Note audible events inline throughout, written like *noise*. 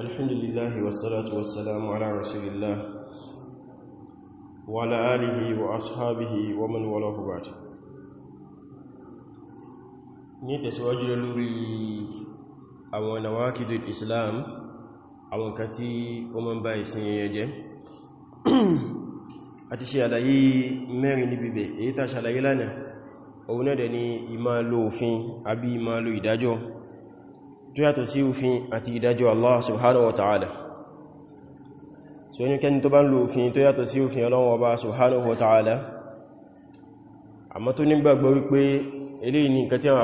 الحمد لله والصلاة والسلام على رسول الله وعلى آله وأصحابه ومن والاه بعد نتسواج لوري أو نواكد الإسلام أو كتي ومن بايسين يجي àti ṣe àlàyé mẹ́rin ní bíbẹ̀ èyí tàṣàlàyé lánàá òun náà dẹ̀ ni ìmá lo òfin àbí ìmá lo ìdájọ́ tó yàtọ̀ sí òfin àti ìdájọ́ Allah subhanahu wa ta'ala so ní kẹni tó bá ń lo òfin tó yàtọ̀ sí òfin Ọlọ́run Ọba subhanahu wa ta'ala àmọ́ tó nígbàgbọ́ wípé ilé ní nǹkan tí àwọn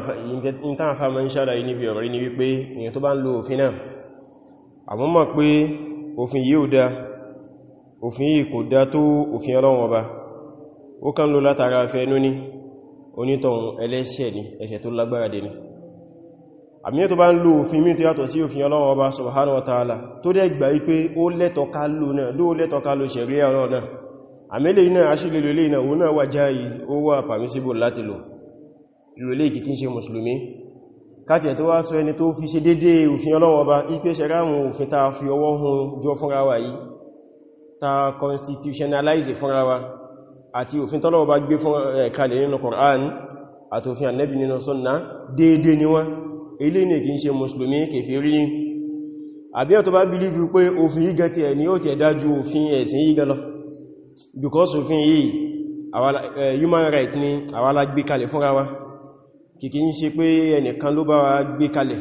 afẹ́mọ́ ń ṣàlàyé níbi ọ̀rọ̀ ní wípé èyàn tó bá ń lo òfin náà àmọ́ mọ̀ pé òfin yìí ò dá òfin yìí kò dá tó òfin Ọlọ́run Ọba ó kàn lò àmì tó bá ń lò òfin mí tó yàtọ̀ sí òfin Ọlọ́run Ọba subhanahu wa ta'ala tó dẹ̀ gbà wípé ó lẹ́tọ̀ọ́ká lò náà ló lẹ́tọ̀ọ́ká lò ṣẹ̀rí ọ̀rọ̀ náà àmìlẹ̀ iná aṣílẹ̀lẹ̀ ilẹ̀ iná òun náà wà permissible láti lò ìrọ̀lẹ̀ ìkìkí ṣe mùsùlùmí káàtì tó wá sọ ẹni tó fi ṣe dédé òfin Ọlọ́run Ọba ipé ṣẹ̀ráàmù òfin ta constitutionalize fúnra wa àti òfin tọ́lọ́wọ́ bá gbé fún ẹ̀kalẹ̀ eh, nínú Qur'an àtòfin Ànábì ilé ní kìí ṣe mùsùlùmí kèfèrí ní àbí ẹ̀ tó bá bílíbí pé òfin yíga ti ẹ̀ ní ó ti ẹ̀dájú òfin ẹ̀sìn yíga lọ because òfin yìí eh, human rights ni àwa la gbé kalẹ̀ fúnra wa kìkì ń ṣe pé ẹnìkan ló bá wa gbé kalẹ̀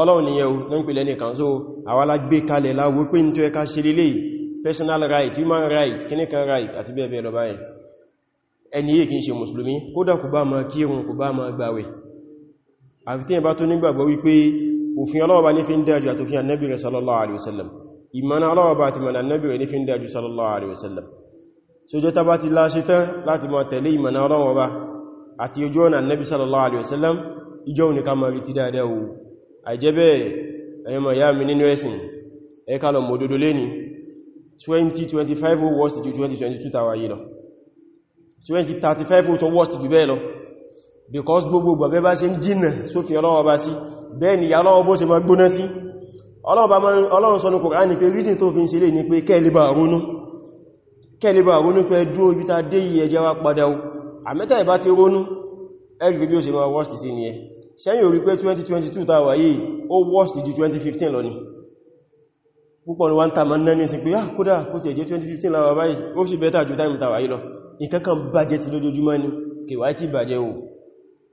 ọlọ́run ni yẹ̀wò ní pèlẹ̀ nìkan la gbé kalẹ̀ personal right human right clinical right àti bẹ́ẹ̀ bẹ́ẹ̀ lọ báyìí ẹni yìí kìí ṣe mùsùlùmí kódà kò bá máa kírun àfi tí ìbá tó nígbàgbọ́ wípé òfin ọlọ́ọ̀bá ní fi ń dájú àtòfin annabi rẹ̀ sallallahu alaihi wasallam ìmọ̀nà ọlọ́ọ̀bá àti mọ̀nà annabi rẹ̀ ní fi ń dájú sallallahu alaihi wasallam so jẹ́ ta bá ti láṣẹ tán láti mọ̀ tẹ̀lé ti dáadáa bẹ́ẹ̀ lọ because gbogbo gbogbo bá ṣe ń jìnà sófin ọlọ́wọ́ bá sí bẹ́ẹ̀ ni yàlọ́wọ́ bó ṣe ma gbóná sí ọlọ́run sọ ní Kùránì pé reason tó fi ń sílé ní pé kẹ́lìbà ronú pé dúó ibi ta dé yìí ẹjẹ́ wá padà àmẹ́ta ìbá ti ronú ẹgbẹ̀ bí ó 2022 ta wà yìí ó 2015 lọ ni púpọ̀ ní wọ́n tàmà náà ní ìsìn 2015 ah, láwà báyìí ó sì bẹ́ta ju time ta wà yìí lọ ìkankan bàjẹ́ ti lójoojúmọ́ ni kèwàá ti bàjẹ́ ohun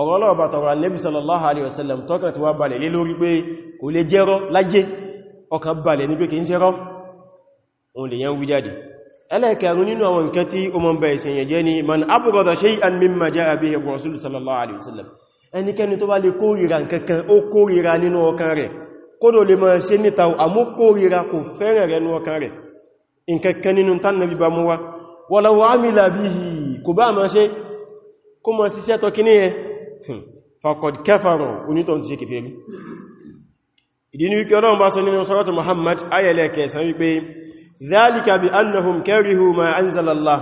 ọ̀rọ̀ ọlọ́ọ̀bá tọ̀rọ̀ Ànábì sallallahu alaihi wasallam tọ́kà tí wá balẹ̀ lé lórí pé kò lè jẹ́rọ́ láyé ọkà balẹ̀ ní pé kì í ṣẹ́rọ́ òun lè yẹn wí jáde ẹlẹ́ẹ̀kẹ̀rún nínú àwọn nǹkan tí ó mọ́ bẹ̀ẹ̀ sẹ̀yẹ̀ jẹ́ ni man abúrọ̀dọ̀ shay'an mimma ja'a bihi ar-rasul sallallahu alaihi wasallam ẹnikẹ́ni tó bá lè kórìíra nǹkankan ó kórìíra nínú ọkàn rẹ̀ kódò lè máa ṣe níta àmú kórìíra faqad kafaru onítọ̀n ti ṣe kèfèrí rí ìdí ní wípé ọlọ́run bá sọ nínú sọ́rọ̀tù Muhammad ayẹlẹ́kẹ̀ wi wípé dhalika bi annahum karihu ma anzalallah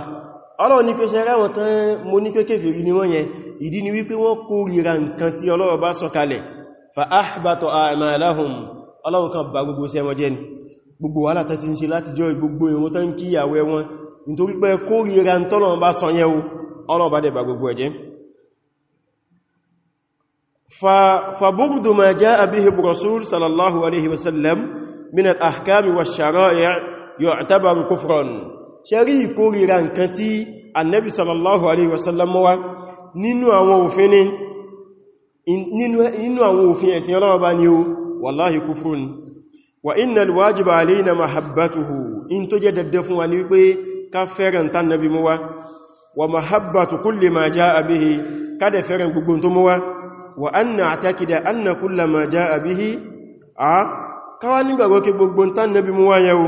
ọlọ́run ní pé ṣe rẹ̀wọ̀n tán mo ní pé kèfèrí ni wọ́n yẹn ìdí ní wípé wọ́n kórìíra nǹkan tí ọlọ́run bá sọ kalẹ̀ fa ahbata a'malahum ọlọ́run kan gbogbo gbogbo فبرد ما جاء به الرسول صلى الله عليه وسلم من الأحكام والشرائع يعتبر كفرا شريك كوريران كتي النبي صلى الله عليه وسلم nínú àwọn òfin ní nínú àwọn òfin ẹ̀sìn ọlọ́wọ́ bá ní o wàláhì kufrun wa inna alwajiba alayna mahabbatuhu in tó jẹ́ dẹ̀dẹ̀ fún wa ní wípé ká fẹ́ràn tán nabi mú wa wa mahabbatu kulli ma jaa bihi ká dẹ̀ fẹ́ràn gbogbo tó mú wa وأن نعتقد أن كل ما جاء به كواني بغوكي بغبنتان نبي موايو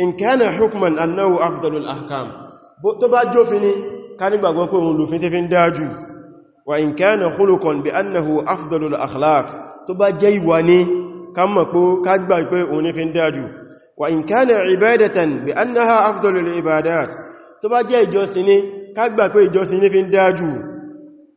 إن كان حكما أنه أفضل الأحكام تبا جوفني كاني بغوكي مولوفين تفين داجو وإن كان خلقا بأنه أفضل الأخلاق تبا جيواني كما كاجبا يكوي ونفين داجو وإن كان عبادة بأنها أفضل العبادات تبا جي جوسيني كاجبا يكوي جوسيني فين داجو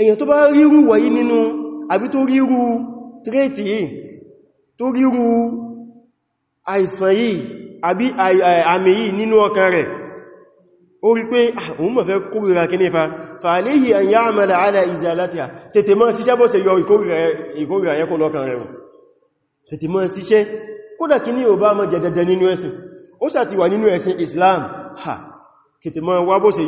èyàn tó bá ríru wọ̀nyí nínú àbí tó ríru tírètì yìí tó ríru àìsàn yìí àbí àmì yìí nínú ọkàn rẹ̀ ó rí pé àwọn ah, fẹ́ kórìíra kí nífa fàáléhì an ya'mala ala izalatiha tètè tètè mọ́ síṣẹ́ kódà kí Islam ha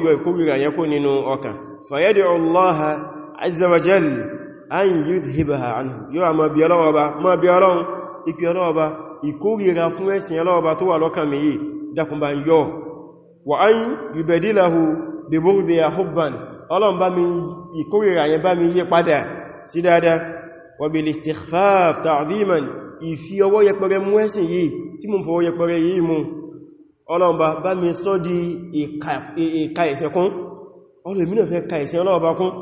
yọ ìkórìíra yẹ́kùn azza wa jal an yudhibaha anhu yóò ma bí ọlọ́wọ́ bá ma bí ọlọ́run ikú ọlọ́wọ́ bá ìkórìíra fún ẹ̀sìn ọlọ́wọ́ bá tó wà lọ́kàn mi yìí dákun bá ń yọ wa an yubadilahu bi bughdi ya hubban ọlọ́run bá mi ìkórìíra yẹn bá mi yí padà sí dáadáa wa bil istighfaf ta'dhiman ìfi ọwọ́ yẹpẹrẹ mú ẹ̀sìn yìí tí mo fọwọ́ yẹpẹrẹ yìí di ìka ẹ̀ṣẹ̀ kún fẹ́ ka ẹ̀ṣẹ̀ ọlọ́ọ̀bá kún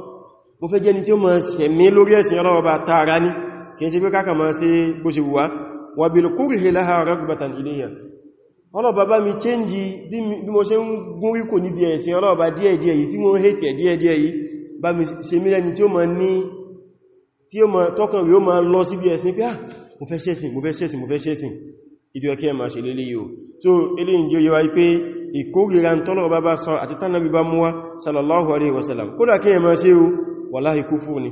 mo fẹ́ jẹ́ ni tí ó máa sẹ̀mí lórí ẹ̀sìn Ọlọ́run bá tààrà ní kìí ṣe pé káàkà máa ṣe bó ṣe wùwá wà bí lókúrìhì láha ragbatan iléyà Ọlọ́run bá bá mi chẹ́njì bí mo ṣe ń gún ríkò níbi ẹ̀sìn Ọlọ́run bá díẹ̀díẹ̀ yìí tí mo so ilé ìjẹ́ yíwa pé ìkórìíra tọ́lọ̀ bá bá sọ àti tánàbí bá mú sallallahu alaihi wasallam kódà kí ẹ máa o wàláhì kúfúrù ni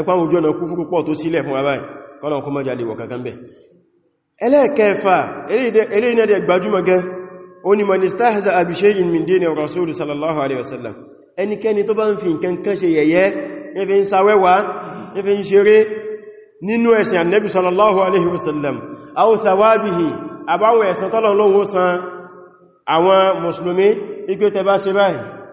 ẹkwà ojú ọ̀nà kúfúrù pọ̀ tó sílẹ̀ fún abáyì kọ́nà kọ́ mọ́já lè wọ̀ kankan bẹ̀ ẹlẹ́ẹ̀kẹfà eléyìnẹ́dẹ̀ gbajúmọ̀ gan oní manistahza abishayin min dini rasulu sallallahu alaihi wasallam ẹnikẹ́ni tó bá ń fi nǹkan kan ṣe yẹ̀yẹ́ ẹfẹ́ ń sawẹ́wà ẹfẹ́ ń ṣeré nínú ẹ̀sìn annabi sallallahu alaihi wasallam aw thawabihi àbáwọn ẹ̀sìn tọ́lọ̀ lọ́wọ́ san ṣe báyìí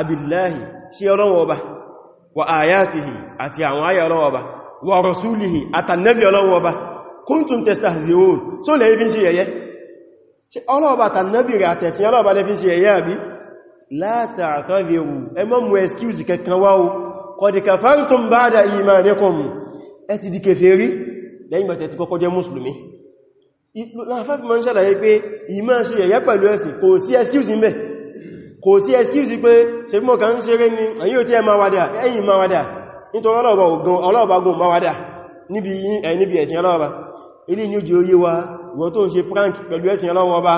abillahi sí ọlọ́wọ́ ọba wa ayatihi àti àwọn ayà ọlọ́wọ́ ọba wa rasulihi àtànẹ́bì ọlọ́wọ́ ọba kuntum testahzi'un tó lè fi ń ṣe yẹ̀yẹ́ tí ọlọ́ọ̀bá tànẹ́bì rẹ̀ àtẹ̀sìn ọlọ́ọ̀bá lè fi ń ṣe yẹ̀yẹ́ àbí la ta'tadhiru ẹ má mú excuse kankan kò sí excuse pé ṣe mọ́ kan ṣeré ní ẹ̀yìn ò tí ẹ máa wádà ẹ̀yìn máa wádà nítorí ọlọ́ọ̀bàgùn máa wádà níbi ẹ̀sìn ọlọ́ọ̀bà ilé ní ojú oyé wa prank pẹ̀lú ẹ̀sìn ọlọ́ọ̀bà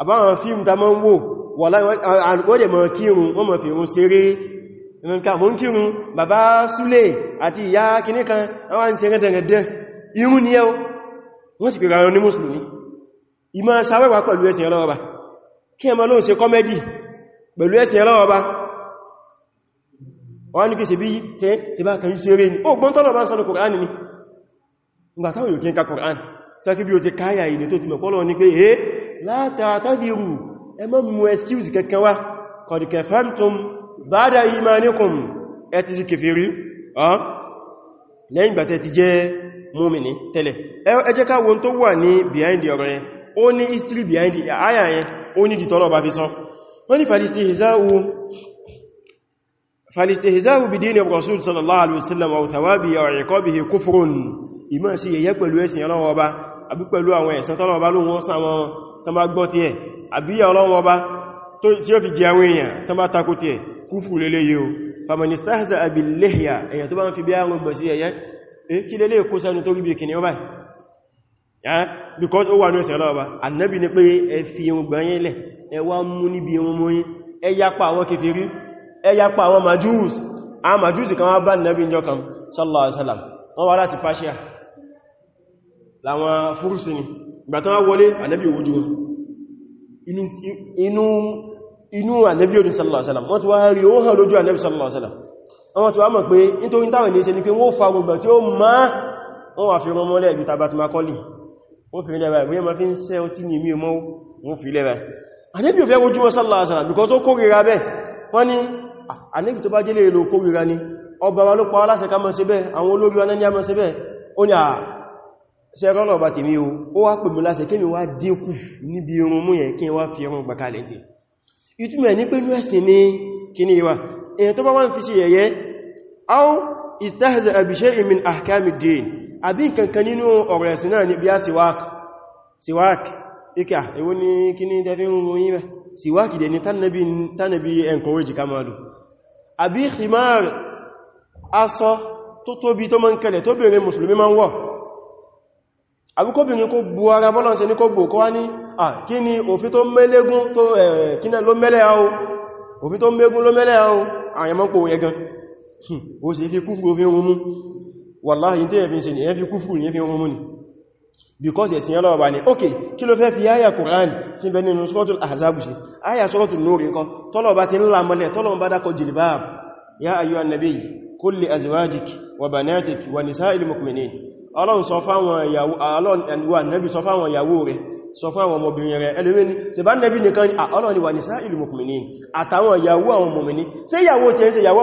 àbáwọn fíìmù ta máa ń wò wà láìwọ́dẹ̀ mọ̀ kírun wọ́n mọ̀ fìrún ṣeré nǹkan mọ́ kírun bàbá súlé àti ìyá kìní kan wọ́n ń ṣeré dẹ̀rẹ̀dẹ̀ irú ìmọ̀ sáwẹ́wà pẹ̀lú ẹ̀sìn ọlọ́ọ̀bà kí ẹmọ lóun ṣe kọ́mẹ́dì pẹ̀lú ẹ̀sìn ọlọ́wọ́ bá wọ́n ní kí ṣe bí ṣe bá kàn ṣe rẹ̀ ní ó gbọ́n tọ́lọ̀ bá ń sọ́nà kòrán ní ìgbà táwọn yóò kí ń ka kòrán tọ́kí bí o ti káyà ìdè tó ti mọ̀ pọ́lọ̀ ní pé e látàtàdìrù ẹ má mú excuse kankan wá qad kafartum ba'da imanikum ẹ ti ti kèfèrí lẹ́yìn gbàtẹ́ ti jẹ́ múmìnì tẹ́lẹ̀ ẹ jẹ́ ká wọn tó wà ní behind the ọ̀rọ̀ yẹn ó ní history behind the aya ó ní dìtọ́lọ̀ bá fi sán wọ́n ni falistihzahu bi dini rasul sallallahu alaihi wasallam wa thawabi wa iqabihi kufrun ima si yeye pẹ̀lú ẹ̀sìn Ọlọ́run Ọba àbí pẹ̀lú àwọn ẹ̀san t'Ọlọ́run Ọba ló wọ́n san wọ́n tan bá gbọ́ ti ẹ̀ àbí Ọlọ́run Ọba tó tí ó fi jẹ àwọn èyàn tan bá tako ti ẹ̀ kufru leleyi o faman kí leleyi kò sanu tó rí bí kíni báyìí because ó wà ní ẹ̀sẹ̀ ọlọ́ọ̀bá annabi ni pé ẹ fi irun gbọ́nyẹ́ ilẹ̀ ẹ wá mú níbi irun mọ́yí ẹ yapa àwọn kèfèrí ẹ yapa àwọn majus a majus kan wá bá annabi jọ kan sallallahu alaihi wasallam wọ́n wá láti Persia láwọn fúrúsù ni ìgbà tán wá wọlé annabi òwújú inú annabi odin sallallahu alaihi wasallam wọ́n ti wá rí ó hàn lójú annabi sallallahu alaihi wasallam wọ́n ti wá mọ̀ pé nítorí táwọn ilé ṣe ni pé wọ́n fa gbogbo tí ó máa wọ́n wà fi rán mọ́lẹ̀ ìlú tabatimá kọ́lì wọ́n fi lẹ́bàá ìwé ma fi ń sẹ́ ọtí ní mí mọ́ wọ́n fi lẹ́bàá anẹ́bí ò fẹ́ wojú wọn sallallahu alaihi wasallam because ó kórìíra bẹ́ wọ́n ni anẹ́bí tó bá jẹ́ lèrè ló kórìíra ni ọba wa ló pa aláṣẹ ká mọ́ sí bẹ́ wa náà mọ́ sí bẹ́ ó ní àṣẹ́rọ́lọ̀ wa èèyàn tó bá wá istahza bi min ahkamid din àbí kankan nínú ọ̀rọ̀ ẹ̀sìn náà ni bí a siwak ikẹ́ ewu ní kí ní tẹ́fẹ́ ń wọ́n yíwẹ́ siwak dẹ̀ ni tánàbí encourage kamalu àbí khimar aṣọ tó tóbi tó máa ń kẹlẹ̀ tó bèèrè mùsùlùmí máa ń wọ̀ àbúkóbìnrin kó bu ara bọ́lọ̀ sí ní kó bò kó wá ní à kí ni òfin tó mẹ́lẹ́gún tó ẹ̀kínà ló mẹ́lẹ́ àwọ òfin tó mẹ́gún ló mẹ́lẹ́ àwọ àyàmọ́pò ẹgan hmm, ó sì kí kúfù òfin rumú wàláhì tí ẹ̀fin ṣe ni ẹ̀fin kúfùrù ní ẹ̀fin ọmọ because ẹ̀sìn yẹ́lọ́wọ́ bá ní ok kí ló fẹ́ fi ayà Kùránì tí bẹ nínú suratul Ahzab sí ayà suratul Nur nǹkan tọ́lọ̀ bá ti ń lámọ́lẹ̀ tọ́lọ̀ bá dákọ̀ jìlbáàbù ya ayyuhan nabiy qul li azwajik wa banatik wa nisa'il mu'minin ọlọ́run sọ fáwọn ìyàwó ọlọ́run ẹ̀lúwà nẹ́bí sọ fáwọn ìyàwó rẹ̀ sọ fáwọn ọmọbìnrin rẹ̀ ẹlùmí ni ah, ṣe bá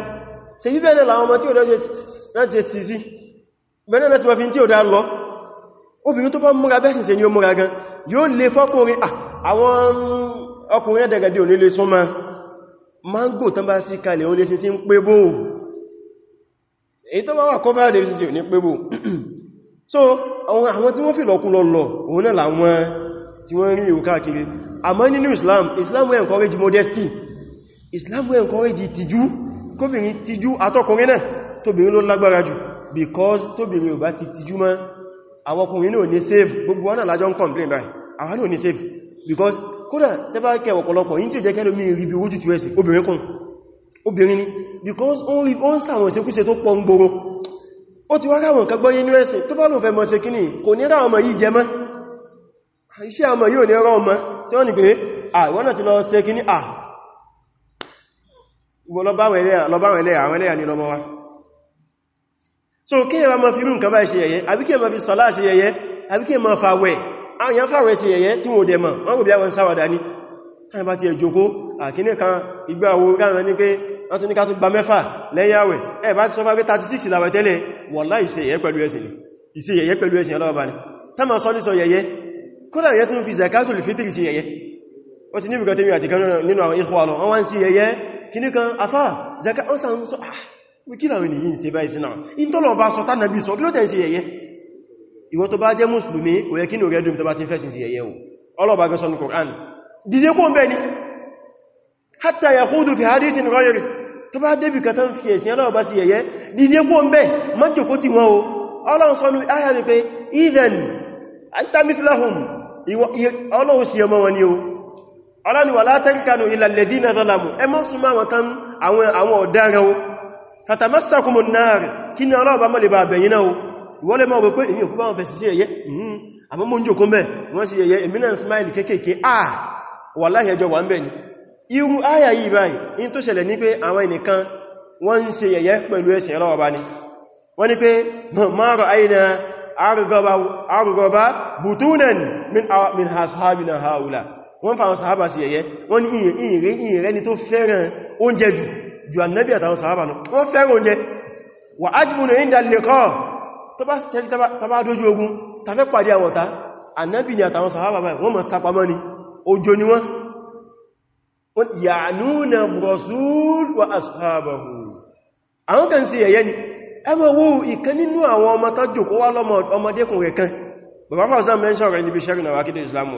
ṣe bí bẹ́ẹ̀ láwọn ọmọ tí ó dáṣe láti ṣe sí bẹ́ẹ̀ láti wọ́n fi tí ó dá lọ obìnrin tó bá múra bẹ́sìn ṣe ni ó múra gan yóò lè fọ́kùnrin àwọn um, ọkùnrin ẹ̀dẹ̀gẹ̀dẹ̀ ò nílé súnmọ́ mango tán bá sí kalẹ̀ ó lè sí ń pé bó èyí tó bá wà kọ́ bá dẹ̀ sí ní pé bó so àwọn tí wọ́n fi lọ́kú lọ́lọ́ òun náà làwọn tí wọ́n rí ìwò káàkiri àmọ́ nínú Islam Islam will encourage modesty Islam will encourage ìtìjú kóbìnrin tijú àtọkùnrin náà tóbìnrin ló lágbára jù because tóbìnrin ò bá ti tijú mọ́ àwọn ọkùnrin náà ní save gbogbo wọn lájọ́ ń complain báyìí àwọn náà ní save because kódà tẹ́bá kẹ ọ̀pọ̀lọpọ̀ yí tí ó jẹ́ kẹ́lò mí rí bí ojú tí ó ẹ̀sì obìnrin kún because ó rí ó ń sàwọn ìṣekúṣe tó pọ̀ ń gboro ó ti wára wọn kagbọ́ yínú ẹ̀sìn tó bá lò fẹ́ mọ́ ṣe kíní kò ní ra ọmọ yìí jẹ mọ́ iṣẹ́ ọmọ yìí ò ní rọ ọmọ tí wọ́n ni pé àwọn náà ti lọ ṣe kíní à lọ́báwọn ẹlẹ́yà àwọn ẹlẹ́yà ní lọ́mọ wa so kí ẹ ma fi rú nǹkan báyìí ṣe yẹ̀yẹ́ àbí kí ẹ ma fi sọ́lá ṣe yẹ̀yẹ́ àbí kí ẹ ma fàwẹ̀ àwọn èèyàn fàwẹ̀ ṣe yẹ̀yẹ́ tí wọ́n dẹ̀ mọ̀ wọ́n kò bí àwọn sáwàdà ní táwọn bá ti ẹ̀ jókòó àkíní kan ìgbà wo gáàrin ní pé wọ́n tún ní ká tún gba mẹ́fà pẹ̀lú ẹ̀sìn ìṣe yẹ̀yẹ́ ni tá ma sọ ní sọ yẹ̀yẹ́ kódà yẹ́ tún fi zakatul fitri ṣe yẹ̀yẹ́ ó ti ní bùkọ́ àti kan nínú àwọn ìkọ́ àlọ́ wọ́n wá ń sí yẹ̀yẹ́ kìní kan afá zaka ó sàn sọ ah, wikila wọn yìí ṣe báyìí sínà in tọ́lọ̀ bá sọ tánàbí sọ kí ló tẹ́ ṣe yẹ̀yẹ́ ìwọ tó bá jẹ́ mùsùlùmí o yẹ kí ní rẹ́dùn tó bá ti fẹ́sìn sí yẹ̀yẹ́ o ọlọ́bà gẹ́sọ́ ní Qur'an dìde kó ń bẹ́ ni hatta yahudu fi hadithin rọ́yẹ̀rì tó bá débì kàtà ń fi ẹ̀sìn ọlọ́wọ́ bá sí yẹ̀yẹ́ dìde kó ń bẹ́ mọ́jọ̀kó ti wọn o ọlọ́run sọ ní ayà ni pé idhan anta mithlahum ọlọ́run sí ọmọ wọn ni o ọlọ́ni wà látẹ́kànù ìlàlẹ̀dí na zalamu ẹmọ́ súnmọ́ àwọn tán àwọn ọ̀daràn fatamassakumun náàrì kí ni ọlọ́ọ̀bá mọ́ lè bá bẹ̀yìn náà wọ́lẹ̀ mọ́ wípé èyí òkú bá wọn fẹ̀sí sí ẹ̀yẹ hmm. àmọ́ mọ́ jòkó mẹ́ wọ́n sí ẹ̀yẹ eminent smile kéèkéé à wà láhẹjọ wà ń bẹ̀ ni irú áyà yìí báyìí in tó ṣẹlẹ̀ ní pé àwọn haula wọ́n fàwọn sàhábà sí ẹ̀yẹ wọ́n ní ìrìn ìrìn ni tó fẹ́ràn oúnjẹ jù jù ànábì àtàwọn sàhábà lọ wọ́n fẹ́ràn oúnjẹ wà ájúmùnà ìndà lè kọ́ tó bá tẹ́rí tàbá dójú ogun tàfẹ́ pàdé àwọ̀ta ànábì ni àtàwọn sàhábà wọ́n mọ̀ sápamọ́ ni ojo ni wọ́n ya'nuna rasul wa ashabahu àwọn kan sí ẹ̀yẹ ni ẹmọ wo ìkan nínú àwọn ọmọ tó jòkó wá lọ́mọ ọmọdékùnrin kan bàbá fàwọn sáà mẹ́ṣọ́ rẹ̀ níbi sẹ́rìn àwọn akídé islamu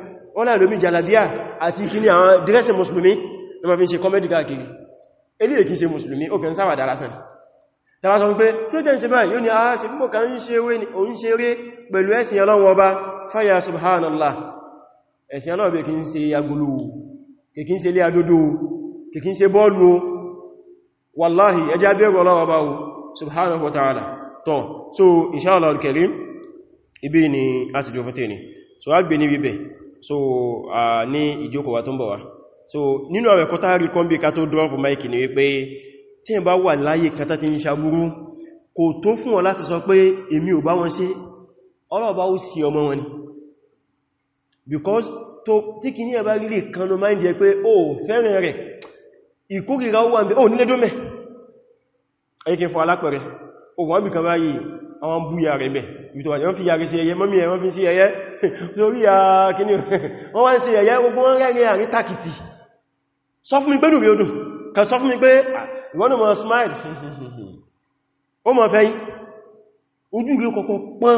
ó láì lómi jalabia àti kí ní àwọn dírẹ́sì musulmi ló ma fi ṣe kọmẹ́dì káàkiri elé èkí ṣe musulmi ó kàn sáwà dára sàn tàbá sọ pé lójẹ́ ṣe báyìí yóò ní àá sí púpọ̀ kan ń ṣe eré pẹ̀lú ẹ̀sìn ọlọ́run ọba fáyà subhanallah ẹ̀sìn ọlọ́run bẹ̀ kí ń ṣe agolo kìkí ń ṣe ilé adódó kìkí ń ṣe bọ́ọ̀lù wallahi ẹjá bẹ̀rù ọlọ́run ọba subhanahu wa ta'ala tọ́ so inshallah al-karim ibi ni a ti jọ fẹ́ tẹ́ ni so a gbẹ̀ ní bíbẹ̀ so ní ìjókòó wa tó ń bọ̀ wá so nínú àwọn ẹ̀kọ́ táàrí kọ́mbí ká tó drop mic ni wípé tí ẹ bá wà láyé kátá ti ń ṣagbúrú kò tó fún wọn láti sọ pé èmi ò bá wọn ṣe ọlọ́ọ̀bá ó sí ọmọ wọn ni because tó tí kì ní ẹ̀bá rílé kanú máa ń jẹ pé ó fẹ́rin rẹ̀ ìkórìíra ó wà àwọn búyà rẹ̀ bẹ̀ ìtọ̀wọ̀n fi yàrí sí ẹyẹ mọ́mí ẹ̀wọ́n fi sí ẹyẹ lórí *laughs* àkíní *laughs* wọ́n wá ń sí ẹyẹ ogun wọ́n rẹ̀rẹ̀ àrí takìtì sọ fún mi pé nùrí odò kan sọ fún mi pé ìwọ́n mọ̀ mọ̀ fẹ́ ojú rí kọ̀kọ̀ pọ́n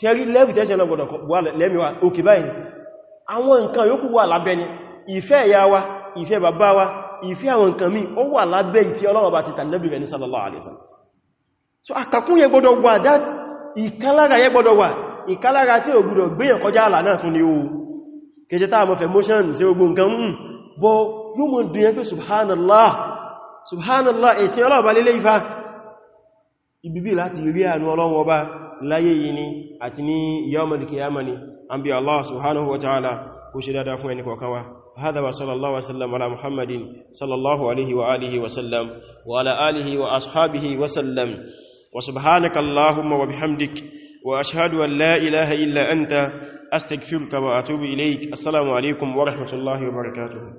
ṣe rí lẹ́fì tẹ́ṣẹ́ náà gbọdọ̀ wà lẹ́mìíwá òkè báyìí àwọn nǹkan yòókù wà lábẹ́ ni ìfẹ́ ìyá wa ìfẹ́ bàbá wa ìfẹ́ àwọn nǹkan míì ó wà lábẹ́ ìfẹ́ Ọlọ́run ti tànàbí so àkàkún yẹ gbọdọ̀ wà that ìkálára yẹ gbọdọ̀ wà ìkálára tí ò gbọdọ̀ gbé yẹn kọjá motion sí gbogbo nǹkan mú hmm. bọ yóò subhanallah subhanallah èsì Ọlọ́run bá lélé ifá ibibí láti rí àánú Ọlọ́run ọba láyé yìí ni àti ní yawmal qiyamah ni an bí Allah subhanahu wa ta'ala kó ṣe dáadáa fún ẹni kọ̀ọ̀kan wa هذا وصلى الله وسلم على محمد صلى الله عليه وآله وسلم وعلى آله وأصحابه وسلم وسبحانك اللهم وبحمدك وأشهد أن لا إله إلا أنت أستغفرك وأتوب إليك السلام عليكم ورحمة الله وبركاته